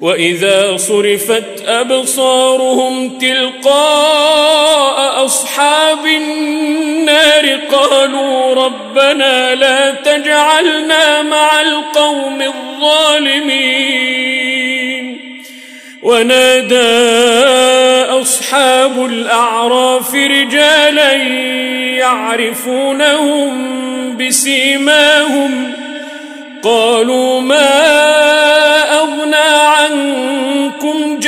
واذا صرفت ابصارهم تلقاء اصحاب النار قالوا ربنا لا تجعلنا مع القوم الظالمين ونادى اصحاب الاعراف رجالا يعرفونهم بسيماهم قالوا ما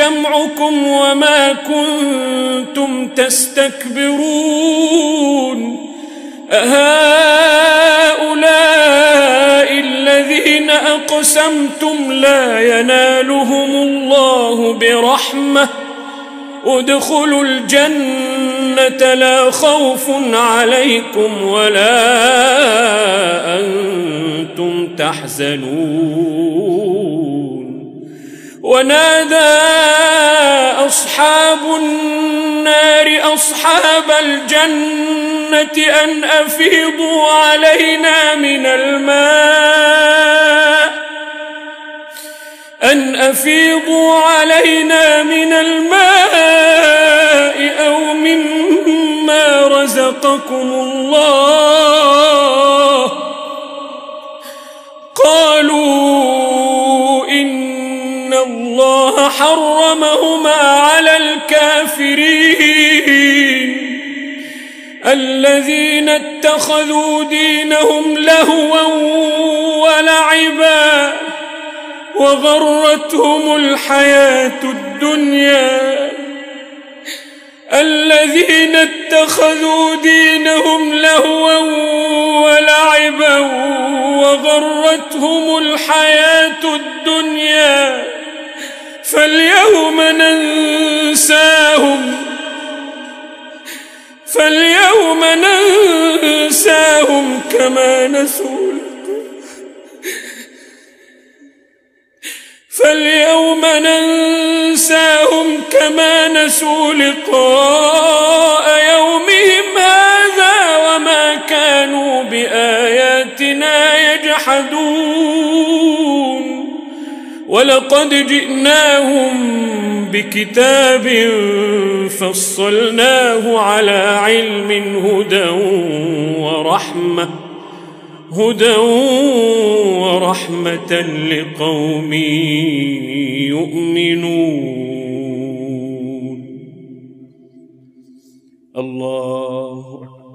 جمعكم وما كنتم تستكبرون أهؤلاء الذين أقسمتم لا ينالهم الله برحمة ادخلوا الجنة لا خوف عليكم ولا أنتم تحزنون ونادى أصحاب النار أصحاب الجنة أن أفيضوا علينا من الماء أن أفيضوا علينا من الماء أو مما رزقكم الله قالوا وحرمهما على الكافرين الذين اتخذوا دينهم لهوا ولعبا وغرتهم الحياة الدنيا الذين اتخذوا دينهم لهوا ولعبا وغرتهم الحياة الدنيا فاليوم ننساهم فاليوم ننساهم كما نسوا فاليوم ننساهم كما نسوا لقاء يومهم هذا وما كانوا بآياتنا يجحدون ولقد جئناهم بكتاب فصلناه على علم هدى ورحمة هدى ورحمة لقوم يؤمنون الله أكبر